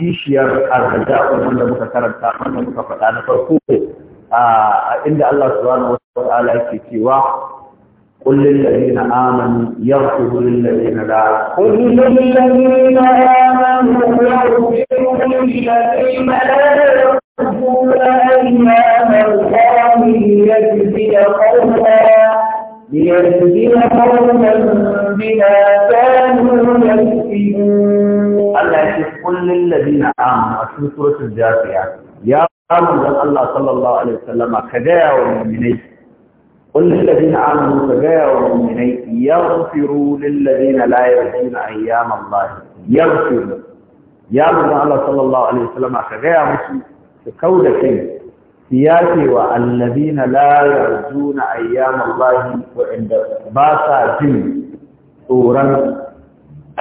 kishiyar arzada wanda muka karanta muka faɗa na farko inda Allah subhanahu wata'ala في cewa قل للذين آمنوا يغفروا للذين لا قل للذين آمنوا يغفروا للذين لا يرجون أيام الله ليجزي قوما ليجزي قوما بما كانوا يكسبون الله يقول للذين آمنوا في سورة الجاثية يا manzon Allah sallallahu alaihi wasallam ka ga yawo mu'minai kul ladin amanu ka gaya yawo mu'minai yaghfiru lil ladina la yarjuna ayyama Allah yaghfiru ya manzon Allah sallallahu alaihi wasallam ka ga ya musu ka kauda kai siyasi wa alladina la yarjuna ayyama Allah wa inda ba sa jin tsoron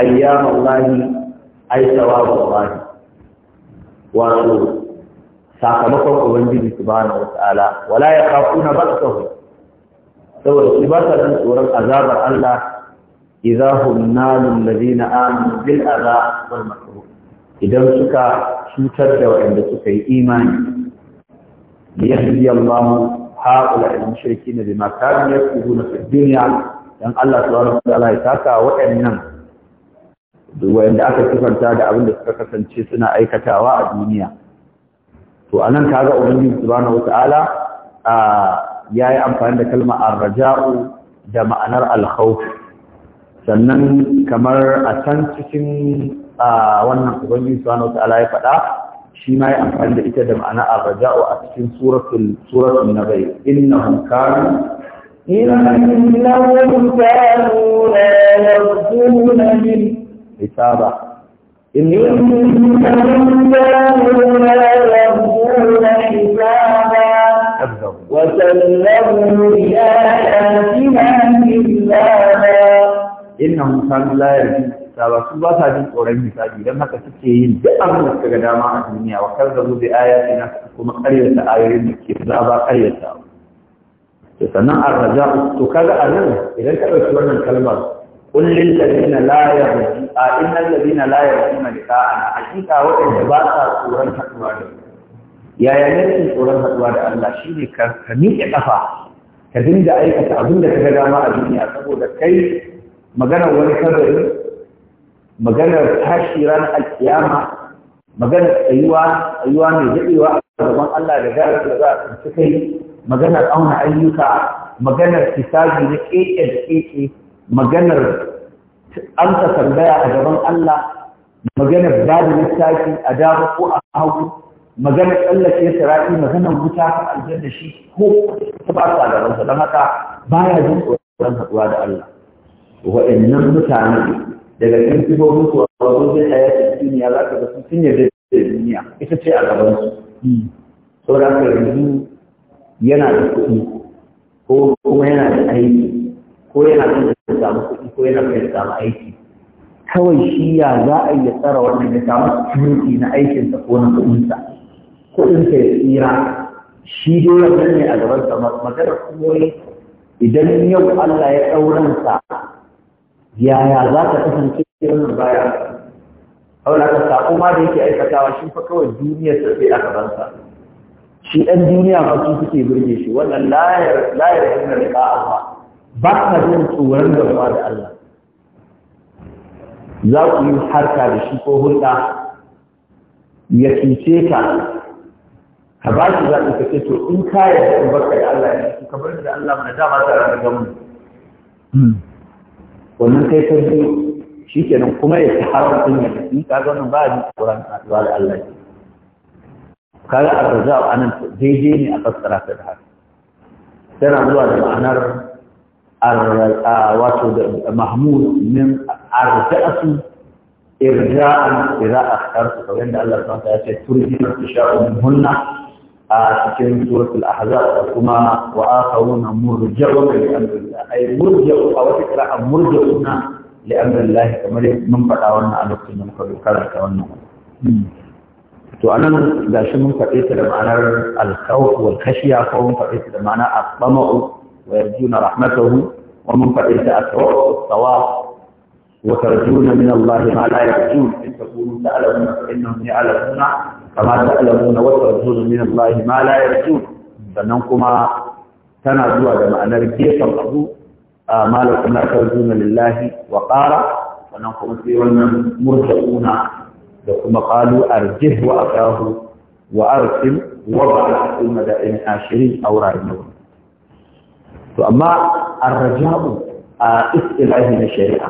ayyama Allah ai tawabu Allah wa sakamakon ubangiji subhanahu wataala wala yakhafuna ba'sahu saboda shi ba sa jin tsoron azabar Allah idza hum nalul ladina amanu bil adha wal makruh idan suka cutar da wanda suka yi imani yahdi Allah haula al mushrikin bima kanu yasbuna fi dunya dan Allah subhanahu wataala ya saka waɗannan wanda aka kifanta da abin da suka kasance suna aikatawa a duniya to anan kaga ubangiji subhanahu wataala yayi amfani da kalma ar-raja'u da ma'anar al-khawf sannan kamar a can cikin wannan ubangiji subhanahu wataala ya faɗa shi ma ya amfani da ita da ma'ana ar-raja'u a cikin suratul suratul nabai innahum kanu إنهم كانوا لا يرجون من حسابا إنهم كانوا لا يرجون حسابا وسلموا بآياتنا كذابا إنهم كانوا لا يرجون حسابا su ba sa jin tsoron hisabi don haka suke yin duk abin da suka ga dama a duniya wa kar zabu bi ayatina kuma karyata ayoyin da ke za ba karyata to sannan arraja to kaga nan idan ka dauki wannan kalmar قل للذين لا يرجون ان الذين لا يرجون لقاءنا حقيقه وانت باسا سوره حدواد يا يا نفس سوره حدواد الله شي ne ka ka miƙe kafa ka dinga aikata abin da kaga dama a duniya saboda kai magana wani sabari magana tashi ran magana tsayuwa tsayuwa mai daɗewa a gaban Allah da gara za a tsinci kai magana auna ayyuka magana kisabi na ƙeƙe da ƙeƙe maganar amsa tambaya a gaban Allah maganar babu littafi a dama ko a hagu maganar tsallake sira'i maganar wuta a aljanna shi ko ta ba su a sa, don haka baya jin tsoron haɗuwa da Allah waɗannan mutane daga cikin sifofin su a wajen zai cikin duniya za ka ga sun sun yarda da duniya ita ce a gaban gabansu saboda haka yanzu yana da kuɗi ko kuma yana da aiki ko yana son ya samu kuɗi ko yana son ya samu aiki kawai shi ya za a iya tsara wannan ya samu security na aikinsa ko na kuɗinsa kuɗinsa ya tsira shi dai wannan ne a gaban sa maganar kuma idan yau Allah ya ɗauransa yaya za ka kasance irin baya aure ka sako ma da yake aikatawa shi fa kawai duniyar sa sai a sa. shi ɗan duniya ba su suke burge shi wannan layar layar da ka Allah ba ka jin tsoron gaba da Allah za ku yi harka da shi ko hulɗa ya cuce ka ka ba shi zaɓi ka ce to in ka yarda in barka da Allah ya ka bar da Allah mana dama ta rana gamu wannan kai ta ji shi kenan kuma ya ci haram sun yi tafi ka ga wannan ba a jin tsoron gaba da Allah ya a arzawa anan daidai ne a fassara ta da haka tana zuwa da ma'anar wato mahmud min arja'atu irja'an idza akhtartu kamar da Allah subhanahu ya ce turji tasha'u minhunna a cikin suratul ahzab kuma wa aka akharuna murja'u li amrillah ay murja'u a wata qira'a murja'una li amrillah kamar mun faɗa wannan a lokacin da muka karanta wannan to anan gashi mun faɗe ta da ma'anar al-khawf wal khashiya ko mun faɗe ta da ma'ana a tamau ويرجون رحمته ومن فقد أسرار الصواب وترجون من الله ما لا يرجون إن تكونوا تعلمون فإنهم يعلمون كما تعلمون وترجون من الله ما لا يرجون فإنكما تنازوا لما أنا رجيت الأرض ما لكم لا ترجون لله وقارا فإنكم سيرون مرجعون لكم قالوا أرجه وأكاه وأرسل وضع في المدائن عاشرين أو رأي نور to amma arraja'u a istilahi na shari'a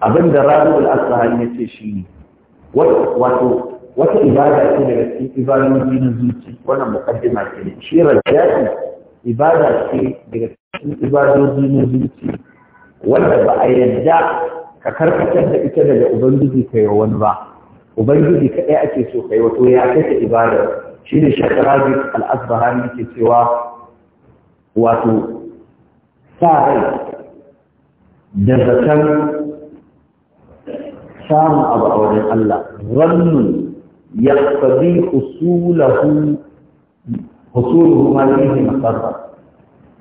abinda al asbahani yace shine wato wata ibada ce daga cikin ibadoji na zuci wannan muqaddima ce shi rajai ibada ce daga cikin ibadoji na zuci wanda ba a yadda ka karkatar da ita daga ubangiji yi wani ba ubangiji kaɗai ake so kai wato ya kace ibada shine shakarabi al-asbahani ke cewa wato sa rai da zaton samun abu a wajen Allah rannun ya sabi usulahu husuluhu ma na masarra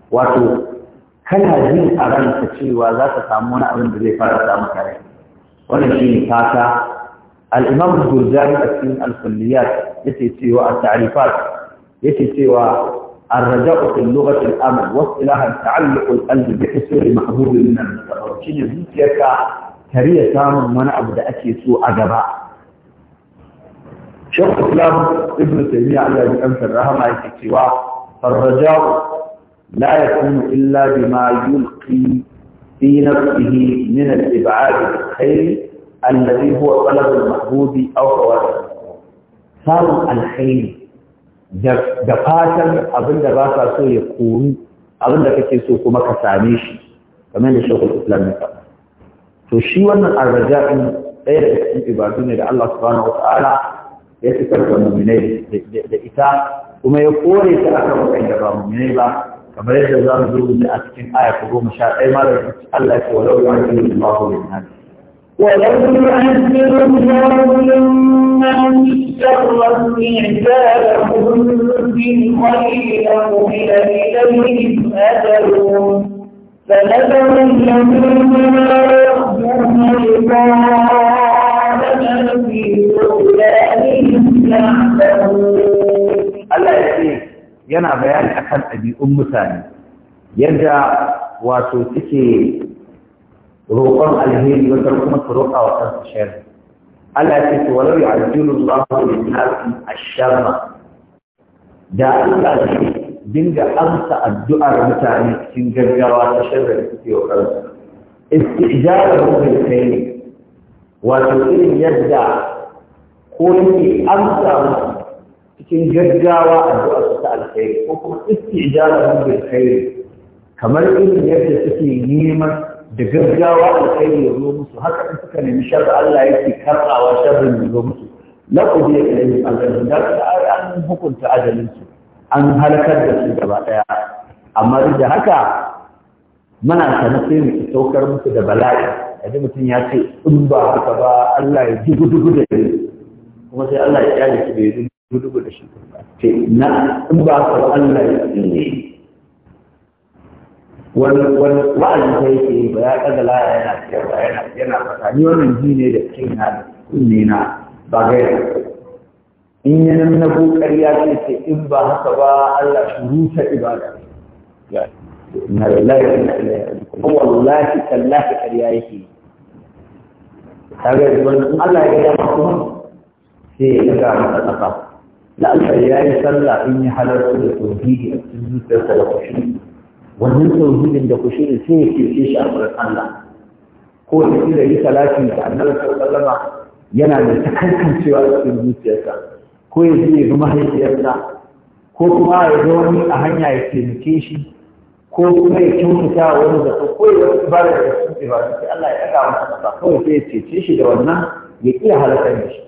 wato kana jin a ranta cewa za ka samu wani abin da zai fara samu kare wannan shi fata alimam imam a cikin al ya ce cewa a ya yake cewa الرجاء في اللغة الأمل والإله تعلق القلب بحسور محبوب من المتبرشين زوتيكا كريا تامن من أبدا أكيسو أجباء شوف الإسلام ابن تيمية على الأنف في يكتوى فالرجاء لا يكون إلا بما يلقي في نفسه من الإبعاد الخير الذي هو طلب المحبوب أو هو صار الخير da fatan abin da ba so ya kori abin da kake so kuma ka same shi kamar da shekul islam ya faɗa to shi wannan arraja in ɗaya da cikin ibadu ne da Allah subhanahu wa ta'ala ya fi karɓar muminai da ita kuma ya kore ta akan da ba muminai ba kamar yadda za mu rubuta a cikin aya ko goma sha ɗaya ma da Allah ya ce walau ya ce Allah ya ولو يؤثر الله للناس شر Allah ya ce yana bayani akan ɗabi'un mutane yadda wato suke roƙon alheri wata kuma su roƙa wa kansu shari Allah ya ce to walau ya ajiru Allah da nasi asharma da Allah ne dinga amsa addu'ar mutane cikin gaggawa ta sharri da suke wa kansu istijarar mutum kai ne wato irin yadda ko yake cikin gaggawa ko kuma kai kamar irin yadda suke neman da gaggawa kai ya zo musu haka in suka nemi sharri Allah yake karɓawa sharrin ya zo musu la ku je ilayhi aljanna da an hukunta ajalin su an halakar da su gaba daya amma duk da haka muna sana sai mu saukar musu da bala'i kaji mutum ya ce in ba haka ba Allah ya dugu-dugu da shi kuma sai Allah ya kyale shi da ya dugu-dugu da shi ce na in ba haka ba Allah ya tsine wani wani wa'azi ta yake yi ba ya kaga laya yana cewa yana yana fata ni wannan ji ne da cikin na kunne na ba gaira in yi nan na kokari ya ce ce in ba haka ba Allah shi rusa ibada na lillahi wa inna ilaihi raji'un wallahi tallahi ƙarya yake kaga wannan Allah ya ga mutum sai ya ga masa da Allah ya yi sallah in yi halarta da tauhidi a cikin zuciyarsa da kushi wannan tauhidin da kushiri sai ya fice shi a wurin Allah ko da shi da yi salati da annabi sallallahu yana da takankancewa a cikin zuciyarsa ko ya je ga mahaifiyarsa ko kuma ya ga wani a hanya ya taimake shi ko kuma ya kyautata wani zato, ko ya ba da cikin ba sai Allah ya ɗaga masa ba kawai sai ya cece shi da wannan ya iya halakar da shi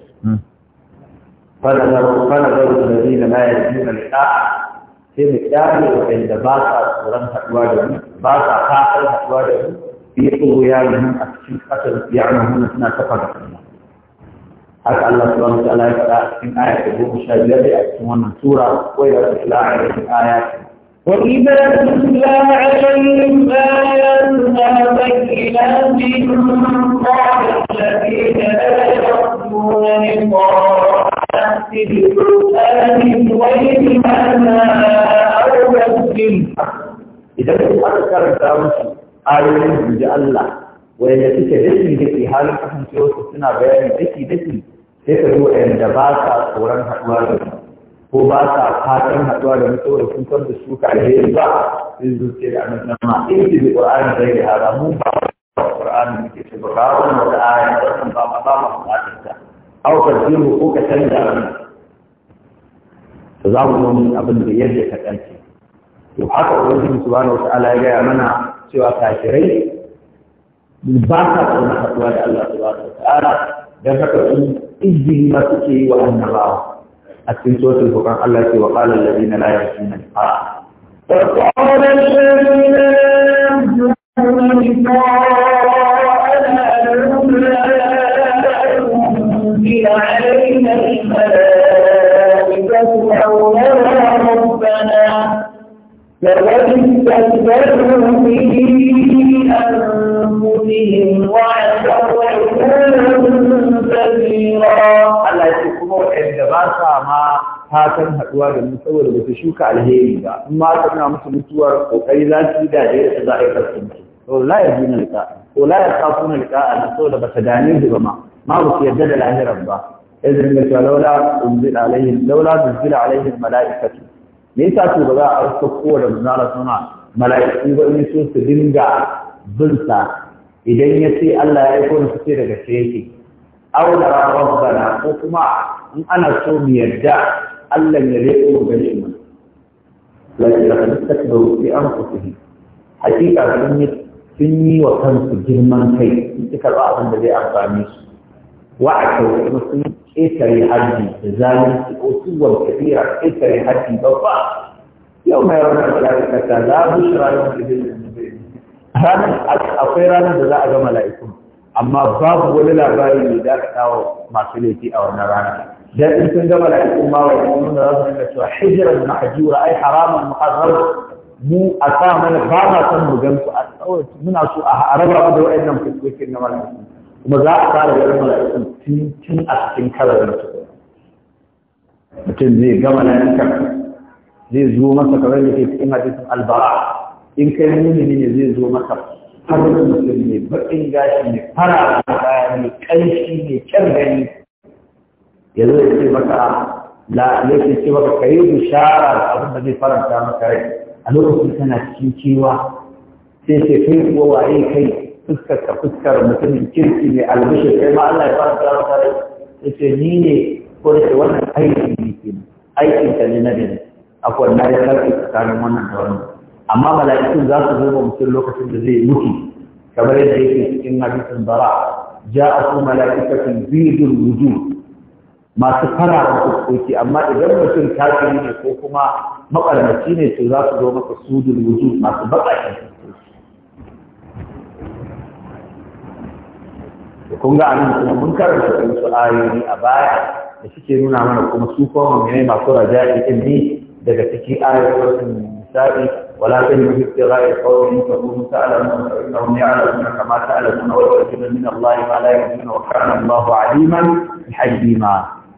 فنذر الذين لا يجدون لقاء sai mu kyale waɗanda ba sa tsoron haɗuwa da mu ba sa fatar haɗuwa da mu bi tsoro ya yi a cikin ƙasar ya nuna suna kafa da kuma haka Allah subhanahu wa ta'ala ya faɗa a cikin aya ta goma sha biyar da a cikin wannan sura ko ya rasu ila a cikin aya وإذا تتلى عليهم آياتنا بينات قال الذين لا يرجون لقاء idan القرآن غير ما أو مسلم Allah, تذكر تامس آيوين بجاء الله وإذا تتدسي دكي حالك أحمد يوسف سنة sai ka zo da ba sa tsoron haɗuwa da su ko ba sa fatan haɗuwa da mutu da sun da su ka alheri ba sai zo ce da annabi ma in ji bi qur'ani da ya ba qur'ani ke ce ba ba wannan da ayat ba ba ba ba ba ta aukar zero ko ka canza abin za mu zo abin da yadda ka ɗanke to haka ubangiji subhanahu wataala ya gaya mana cewa kafirai ba sa tsoron haɗuwa da Allah su subhanahu ala, don haka sun izini ma suke yi wa annabawa a cikin suratul furqan Allah ce wa qala alladhina la yarjuna liqa'a وقال الذين لا يرجون لقاء ولكن تذكروا في أنفسهم وعندهم كثيرا على تكمل الدراسة ما هاتن هتوا المصور بتشوك على هيلا ما تنا مصور وكيلا تيدا جاي تدعي كرسم ولا يجينا لقاء ولا يخافون لقاء المصور بخداني بما ما بقي الجدل عن ربه إذن لك لولا تنزل عليهم لولا تنزل عليهم ملائكته me yasa to ba za a aika kowane manzara suna mala'iku ba in so su dinga bin sa idan ya ce Allah ya aiko su ce daga sai yake aw da rabbana ko kuma in ana so mu yadda Allah ya reko gare mu lakin da takbaru fi anfusihim hakika sun yi sun yi wa kansu girman kai suka ba abin da zai amfani su wa'ata kuma sun yi اثري حجي زاني قصوة كبيرة اثري حجي بابا يوم يرى ذلك لا بشرى يوم يدل هل أخيرا لا أجمع لكم أما باب ولا باري لذلك أو ما سليتي أو نرانا جاءت من جمع لكم ما ويقولون رضي الله حجر المحجور أي حرام المحرر مو أتا من غامة مجمع أتا من أسوء أرى رضي الله إنما في السويس إنما المسلمين kuma za a fara ganin mala'iku tun a cikin karagar su mutum zai gama lafiyar zai zo masa kamar da ke cikin hadisin albara in kai mumini ne zai zo maka har mutum ne baƙin gashi ne fara baya ne ƙanshi ne kyan gani ya zo ya ce maka la ya ce ce maka kai bishara abin da zai faranta maka rai a lokacin kana cikin cewa. sai ce kai kuwa waye kai fuskar ka fuskar mutumin kirki ne albishir sai ma Allah ya fara ta maka rai yace ni ne ko da wannan aiki ne ke aikin ka ne na gani akwai na ya karfi tsakanin wannan da wannan amma mala'ikun za su zuba mutum lokacin da zai mutu kamar yadda yake cikin hadisin bara ja ja'atu mala'ikatun bidin wuju. masu fara da fuskoki amma idan mutum kafiri ne ko kuma makarnaci ne to za su zo maka sudul wuju masu baƙaƙen da kun ga anan kuma mun karanta wasu ayoyi a baya da suke nuna mana kuma su kuma mai masu raja'i din ne daga ciki ayoyin nisa'i wala tan yuhibbu gha'i qawmin fa hum ta'lamun fa innahum ya'lamuna kama ta'lamun wa yaqulun min Allah ma la yaqulun wa kana Allahu 'aliman hakima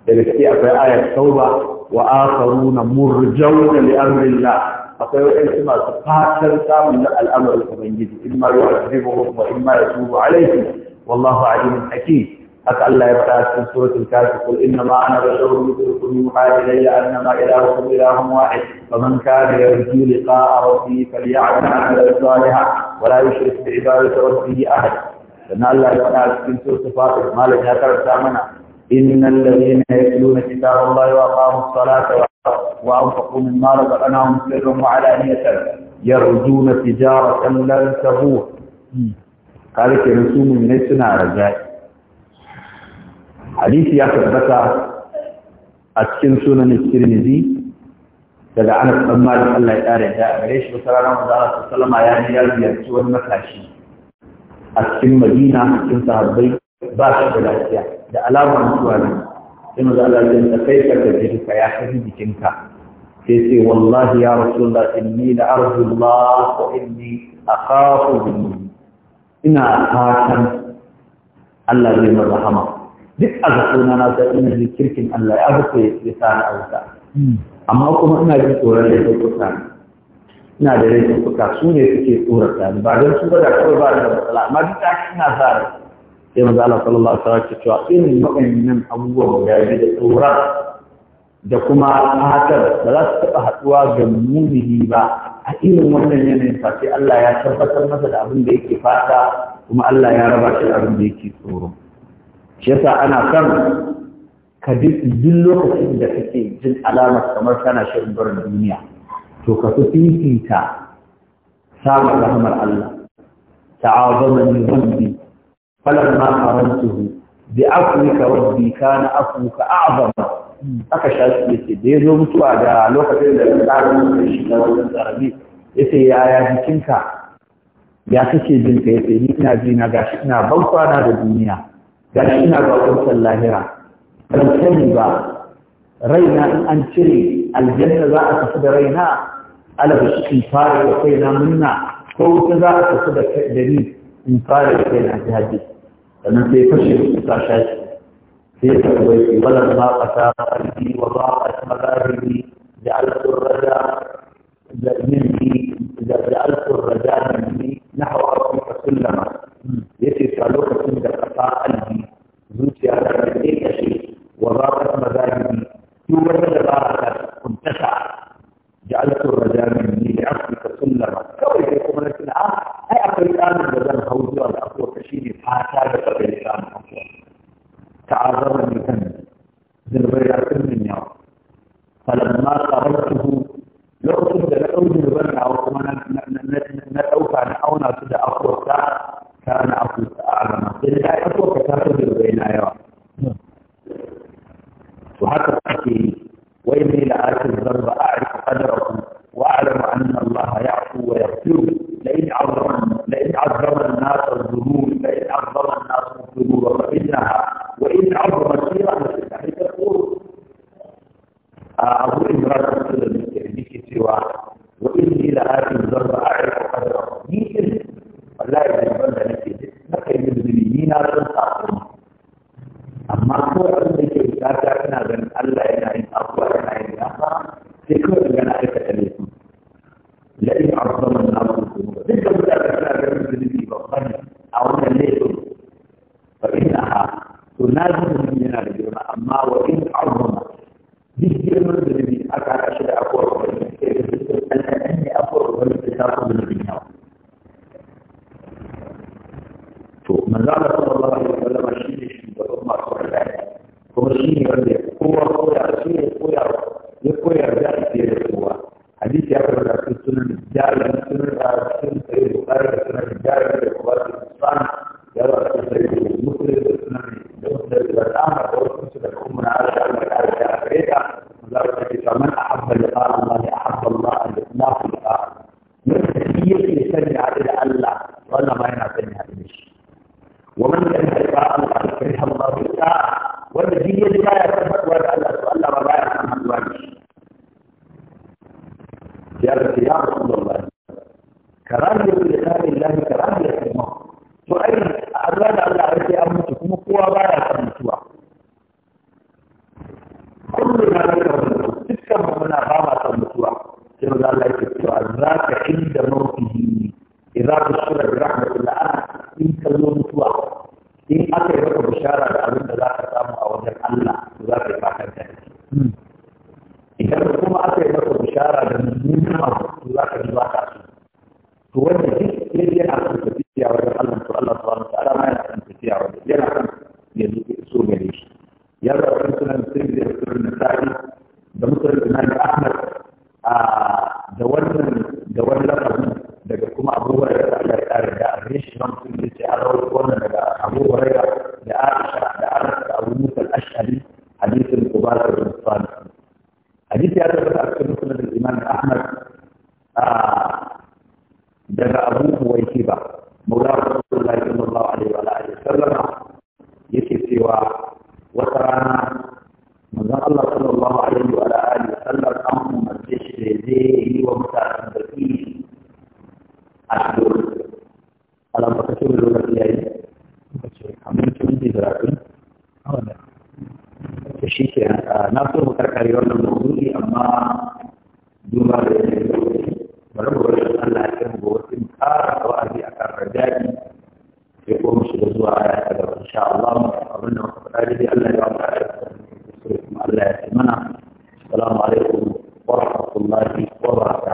daga ciki akwai ayat tauba wa akharuna murjauna li amrillah akwai waɗansu masu fatan samun na al'amarin Ubangiji, in ma yi wa wa in ma ya tubu alaihi wallahu alimun hakim haka Allah ya faɗa cikin suratul kafir kul inna ma ana basharun mithlukum yuha ilayya annama ilahukum ilahun wahid faman kana yarju liqa'a rabbih falyamal 'amalan salihan wa la yushrik bi ibadati rabbih ahada dan Allah ya faɗa cikin suratul fatir malam ya karata mana innal ladhina yatluna kitaballahi wa aqamus salata wa anfaqu mimma razaqnahum kaga kenan su mu'minai suna raja'i hadisi ya tabbata a cikin sunan Tirmidhi daga Anas bin Malik Allah ya kare da gare shi wata rana manzo Allah sallama ya ji ya ziyarci wani matashi a cikin Madina cikin sahabbai ba shi da lafiya da alamar mutuwa ne sai manzo Allah ya ce kai ka tafi ka ya kafi jikinka sai sai wallahi ya rasulullah inni la arju Allah wa inni akhafu billahi ina fatan Allah zai min rahama duk a zakona na sai ina ji kirkin Allah ya zato ya sa na auta amma kuma ina jin tsoron da ya kuka ina da rai kuka su ne suke tsorata da ba don su ba da kawai ba da matsala amma duk da ina sa rai sai manzo Allah sallallahu alaihi wasallam ya ce cewa irin nan abubuwan ya yi da tsoron da kuma fatar ba za su taɓa haɗuwa ga mumini ba a irin wannan yanayin face Allah ya tabbatar masa da abin da yake fata kuma Allah ya raba shi abin da yake tsoro shi yasa ana kan ka duk lokacin da kake jin alamar kamar kana shirin barin duniya to ka fi fifita samun rahmar Allah ta'azamani rabbi falamma qarantuhu bi afwika rabbi kana afwuka a'zama aka sha su yace da ya zo mutuwa da lokacin da ya tsara musu shi na wajen tsarabi ya yaya jikinka ya kake jin ka ya ce ni ina ji na gashi ina ban kwana da duniya gashi ina ga wancan lahira ban sani ba raina in an cire aljanna za a tafi da raina shi in fara da kaina munna ko wuta za a tafi da ni in fara da kaina jihadi sannan sai fashe da kusa shashi sai ka bai wannan ba ka ta ƙarfi wa ba ka ta magaribi da alƙur raja da minni da da alƙur raja minni na hawa kuma ka sallama yace a lokacin da ka ta ƙalbi zuciya ta ƙarfi kashe wa ba ka ta magaribi duk wanda ಇಲ್ಲಿ ಎಲ್ಲಿಗೆ